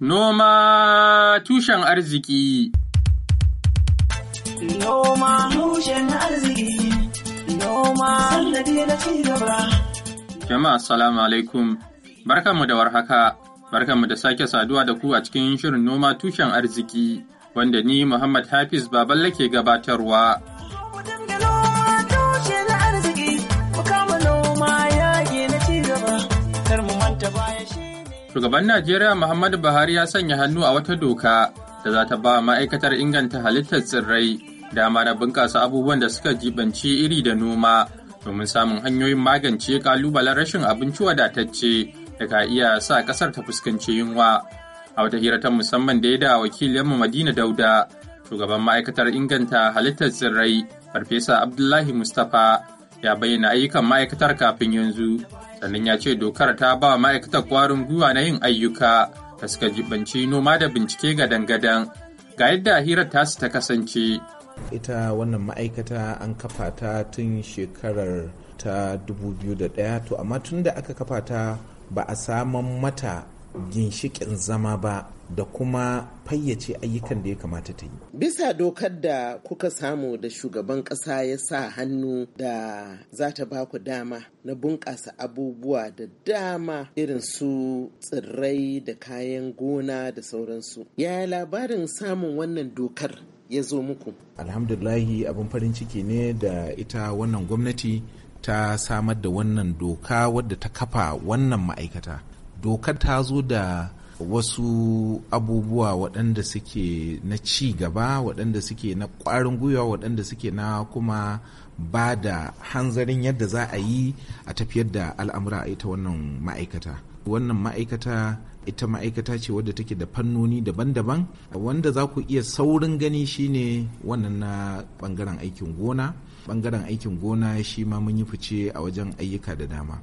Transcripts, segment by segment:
Noma tushen arziki Noma tushen arziki Noma sannadi na cigaba salamu alaikum barkanmu da warhaka barkanmu da sake saduwa da ku a cikin shirin noma tushen arziki wanda ni Muhammad Hafiz Baballe ke gabatarwa. Kar mu manta baya shi Shugaban Najeriya Muhammadu Buhari ya sanya hannu a wata doka da za ta ba ma'aikatar inganta halittar tsirrai dama na bunƙasa abubuwan da suka jibanci iri da noma domin samun hanyoyin magance kalubalen rashin abinci wadatacce da ka iya sa ƙasar ta fuskanci yunwa. A wata hira ta musamman da ya da wakilinmu Madina Dauda, shugaban ma'aikatar inganta halittar tsirrai Farfesa Abdullahi Mustapha ya bayyana ayyukan ma'aikatar kafin yanzu sannan ya ce dokar ta ba ma'aikatar kwarin gwiwa na yin ayyuka da suka jibanci noma da bincike ga dangadan ga yadda hirar tasu ta kasance ita wannan ma'aikata an kafa ta tun shekarar ta 2001 to amma tun da aka kafa ta ba a saman mata ginshikin zama ba da kuma fayyace ayyukan da ya kamata ta yi. Bisa dokar da kuka samu da shugaban ƙasa ya sa hannu da za ta ba ku dama na bunƙasa abubuwa da dama irin su tsirrai da kayan gona da sauransu. Yaya labarin samun wannan dokar ya zo muku? Alhamdulahi abin farin ciki ne da ita wannan gwamnati ta samar da wannan doka wadda ta kafa wannan ma'aikata. dokar ta zo da wasu abubuwa waɗanda suke na ci gaba waɗanda suke na ƙwarin gwiwa waɗanda suke na kuma ba da hanzarin yadda za a yi a tafiyar da al'amura a ita wannan ma'aikata wannan ma'aikata ita ma'aikata ce wadda take da fannoni daban-daban wanda za ku iya saurin gani shine wannan na bangaren aikin gona bangaren aikin gona shi ma mun yi fice a wajen ayyuka da dama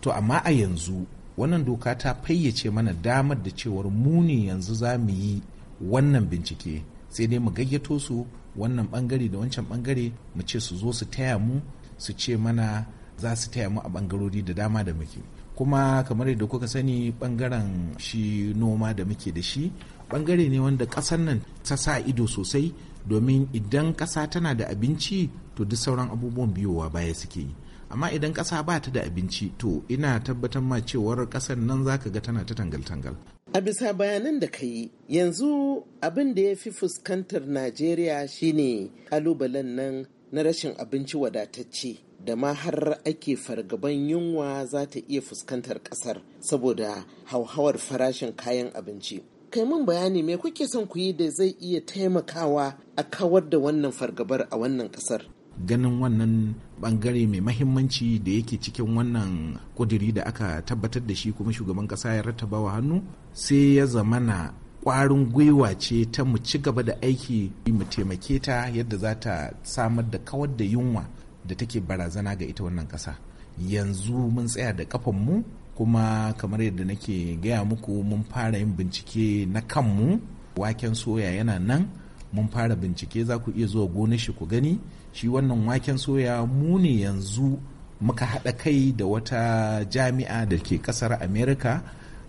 to amma a yanzu wannan doka ta fayyace mana damar da cewar ne yanzu za mu yi wannan bincike sai dai mu gayyato su wannan bangare da wancan bangare mu ce su zo su taya mu su ce mana za su taya mu a bangarori da dama da muke kuma kamar yadda kuka sani bangaren shi noma da muke da shi bangare ne wanda ƙasar nan ta sa ido sosai domin idan ƙasa tana da abinci to duk sauran abubuwan biyowa baya suke yi amma idan ƙasa ba ta da abinci to ina tabbatar ma cewar ƙasar nan zaka ga tana ta tangal-tangal a bisa bayanan da ka yi yanzu abin da ya fi fuskantar najeriya shine kalubalen nan na rashin abinci wadatacce da ma har ake fargaban yunwa za ta iya fuskantar ƙasar saboda hauhawar farashin kayan abinci kai mun bayani me kuke son ku yi da zai iya taimakawa a kawar da wannan fargabar a wannan ƙasar? ganin wannan bangare mai mahimmanci da yake cikin wannan kuduri da aka tabbatar da shi kuma shugaban kasa ya rattaba wa hannu sai ya zamana kwarin gwiwa ce ta mu ci gaba da aiki mu taimake ta yadda za ta samar da kawar da yunwa da take barazana ga ita wannan kasa yanzu mun tsaya da kafanmu kuma kamar yadda nake gaya muku mun fara yin bincike na kanmu waken soya yana nan mun fara bincike za ku iya zuwa gonar shi ku gani shi wannan waken soya mu ne yanzu muka haɗa kai da wata jami'a da ke ƙasar america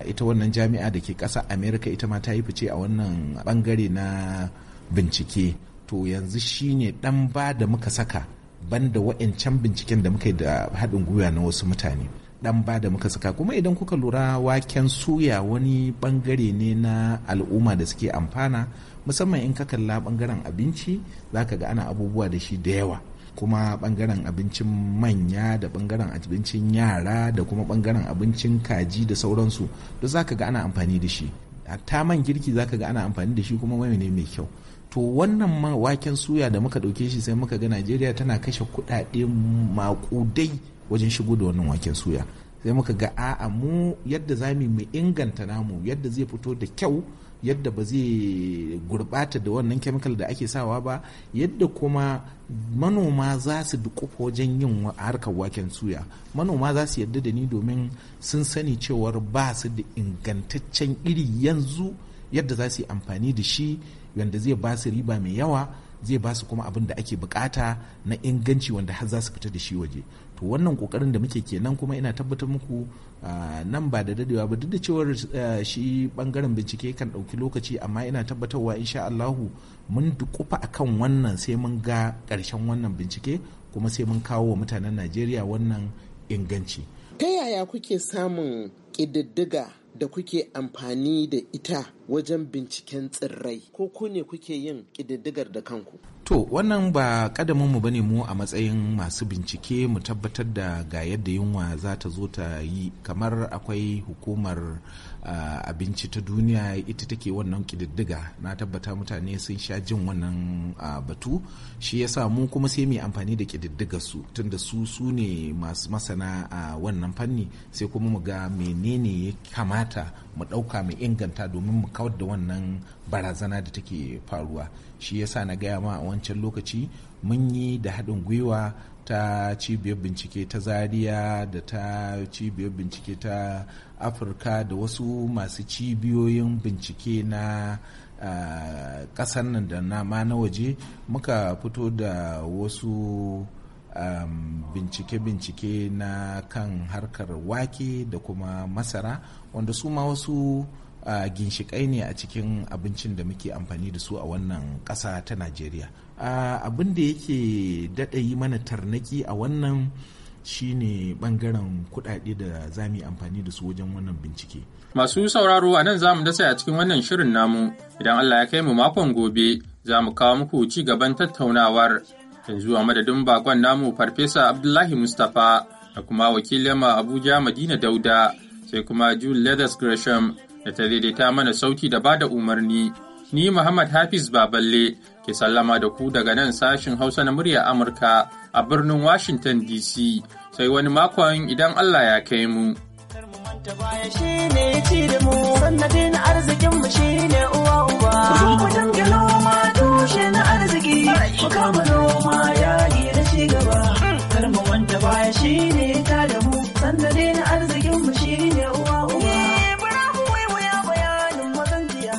ita wannan jami'a da ke ƙasar america ita ma ta yi fice a wannan ɓangare na bincike to yanzu shine ɗan ba da muka saka banda wa'ancan binciken da muka yi da haɗin gwiwa na wasu mutane dan ba da muka saka kuma idan kuka lura waken suya wani bangare ne na al'umma da suke amfana musamman in ka kalla bangaren abinci zaka ga ana abubuwa da shi da yawa kuma bangaren abincin manya da bangaren abincin yara da kuma bangaren abincin kaji da sauransu duk zaka ga ana amfani da shi ta man girki zaka ga ana amfani da shi kuma ne mai kyau to wannan waken suya da muka ɗauke shi sai muka ga najeriya tana kashe kuɗaɗe maƙudai wajen shigo da wannan waken suya sai muka ga a'a mu yadda za mu inganta namu yadda zai fito da kyau yadda ba zai gurbata da wannan kemikal da ake sawa ba yadda kuma manoma za su dukufa wajen yin harkar waken suya manoma za su yadda da ni domin sun sani cewar ba su da ingantaccen iri yanzu yadda za su yi amfani da shi yadda zai ba su riba mai yawa zai ba su kuma abin da ake bukata na inganci wanda har za su fita da shi waje to wannan kokarin da muke kenan kuma ina tabbatar muku nan ba da dadewa ba duk da cewar shi bangaren bincike kan dauki lokaci amma ina tabbatarwa insha Allahu mun dukufa akan wannan sai mun ga karshen wannan bincike kuma sai mun kawo wa mutanen Najeriya wannan inganci ta yaya kuke samun ƙididdiga da kuke amfani da ita wajen binciken tsirrai ko ku ne kuke yin ƙididdigar da kanku To wannan ba kadamin mu bane mu a matsayin masu bincike mu tabbatar da ga yadda yunwa za ta zo ta yi kamar akwai hukumar uh, abinci ta duniya ita take wannan kididdiga na tabbata mutane sun sha jin wannan uh, batu shi ya sa mu kuma sai mu amfani da kididdiga su tunda su su ne masu masana a uh, wannan fanni sai kuma mu ga menene ya kamata mu ɗauka mu inganta domin mu kawar da wannan barazana da take faruwa shi ya sa na gaya ma wancan lokaci mun yi da haɗin gwiwa ta cibiyar bincike ta zaria da ta cibiyar bincike ta afirka da wasu masu cibiyoyin bincike na ƙasar nan da na ma na waje muka fito da wasu bincike-bincike um, na kan harkar wake da kuma masara wanda su ma wasu ginshikai ne a cikin abincin da muke amfani da su a wannan ƙasa ta najeriya abin da yake daɗa yi mana tarnaki a wannan shine bangaren kuɗaɗe da za mu yi amfani da su wajen wannan bincike masu sauraro a nan za mu dasa a cikin wannan shirin namu idan allah ya kai mu makon gobe za mu kawo muku ci gaban tattaunawar yanzu a madadin bakon namu farfesa abdullahi mustapha da kuma wakilin abuja madina dauda sai kuma June, leathers gresham da ta daidaita mana sauti da ba da umarni. Ni Muhammad Hafiz Baballe ke sallama da ku daga nan sashin Hausa na murya Amurka a birnin Washington DC sai wani makon idan Allah ya kai mu. arzikin mu shine uwa